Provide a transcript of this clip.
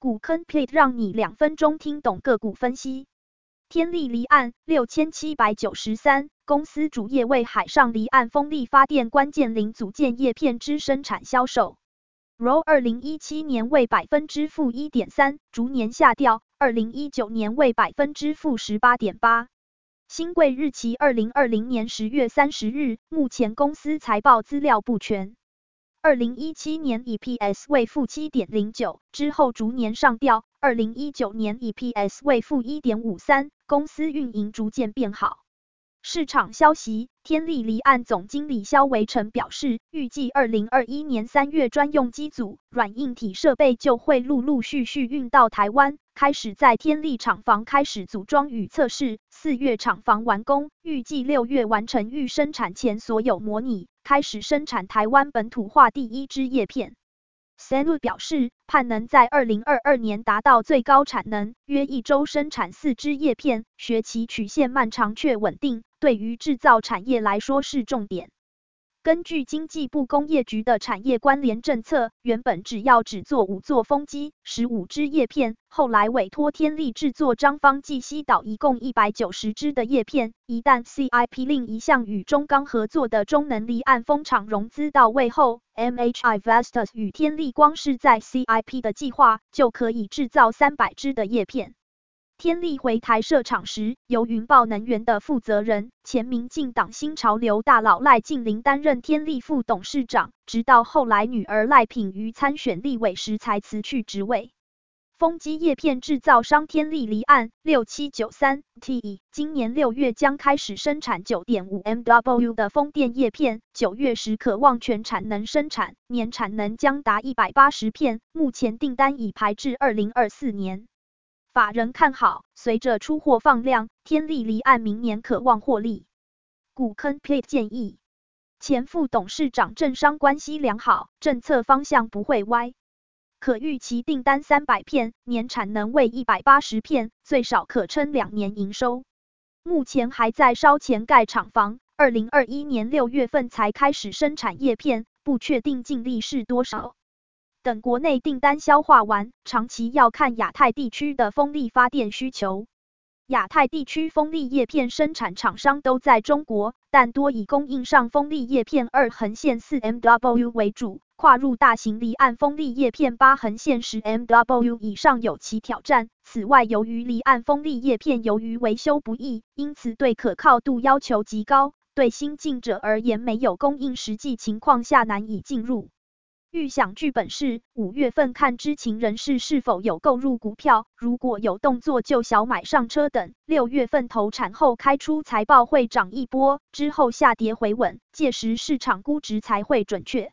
股坑 plate 讓你兩分鐘聽懂個股分析。天力離岸六千七百九十三，93, 公司主業為海上離岸風力發電關鍵零組件葉片之生產銷售。ROE 二零一七年為百分之負一點三，逐年下調；二零一九年為百分之負十八點八。新貴日期二零二零年十月三十日，目前公司財報資料不全。二零一七年 EPS 為負七點零九，之後逐年上調。二零一九年 EPS 為負一點五三，公司運營逐漸變好。市場消息，天力離岸總經理肖維成表示，預計二零二一年三月專用機組軟硬體設備就會陸陸續續運到台灣。開始在天力廠房開始組裝與測試，四月廠房完工，預計六月完成預生產前所有模擬，開始生產台灣本土化第一支葉片。Sanluth 表示，盼能在二零二二年達到最高產能，約一周生產四支葉片。學習曲線漫長卻穩定，對於製造產業來說是重點。根據經濟部工業局的產業關聯政策，原本只要只做五座風機，十五只葉片。後來委托天力制作彰芳暨西島一共一百九十隻的葉片。一旦 C I P 另一項與中鋼合作的中能離岸風場融資到位後，M H I Vestas 與天力光是在 C I P 的計劃就可以制造三百只的葉片。天力回台設廠時，由雲豹能源的負責人、前民進黨新潮流大佬賴勁麟擔任天力副董事長，直到後來女兒賴品妤參選立委時才辭去職位。風機葉片製造商天力離岸六七九三 TE，今年六月將開始生產九點五 MW 的風電葉片，九月時可望全產能生產，年產能將達一百八十片，目前訂單已排至二零二四年。法人看好，隨着出貨放量，天力離岸明年可望獲利。股坑 plate 建議，前副董事長政商關係良好，政策方向不會歪，可預期訂單三百片，年產能為一百八十片，最少可撐兩年營收。目前還在燒錢蓋廠房，二零二一年六月份才開始生產葉片，不確定淨利是多少。等國內訂單消化完，長期要看亞太地區的風力發電需求。亞太地區風力葉片生產廠商都在中國，但多以供應上風力葉片二橫線四 MW 為主，跨入大型離岸風力葉片八橫線十 MW 以上有其挑戰。此外，由於離岸風力葉片由於維修不易，因此對可靠度要求極高，對新進者而言沒有供應，實際情況下難以進入。預想劇本是，五月份看知情人士是否有購入股票，如果有動作就小買上車等，六月份投產後開出財報會漲一波，之後下跌回穩，屆時市場估值才會準確。